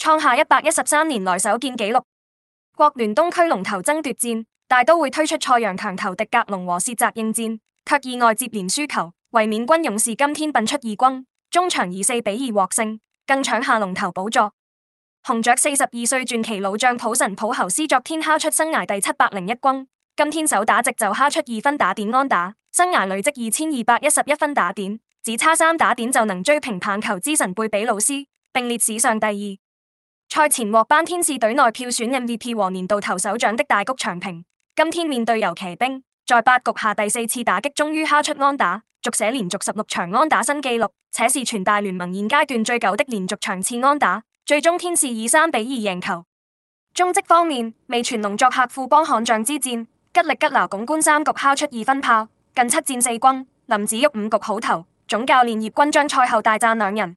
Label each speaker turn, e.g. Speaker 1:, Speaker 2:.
Speaker 1: 創下一百一十三年來首見紀錄。國聯東區龍頭爭奪戰，大都會推出賽揚強投迪格隆和涉澤應戰，卻意外接連輸球。衛冕軍勇士今天笨出二轟，中場以四比二獲勝，更搶下龍頭寶座。紅雀四十二歲傳奇老將普神普侯斯昨天敲出生涯第七百零一轟，今天首打直就敲出二分打點安打，生涯累積二千二百一十一分打點，只差三打點就能追平棒球之神貝比魯斯，並列史上第二。賽前獲頒天使隊內票選 MVP 和年度投手獎的大谷翔平，今天面對遊騎兵，在八局下第四次打擊終於敲出安打，續寫連續十六場安打新紀錄，且是全大聯盟現階，階段最久的連續場次安打。最終天使以三比二贏球。中職方面，味全龍作客富邦悍將之戰，吉力吉拿鞏冠三局敲出二分炮，近七戰四軍林子旭五局好投，總教練葉君璋賽後大讚兩人。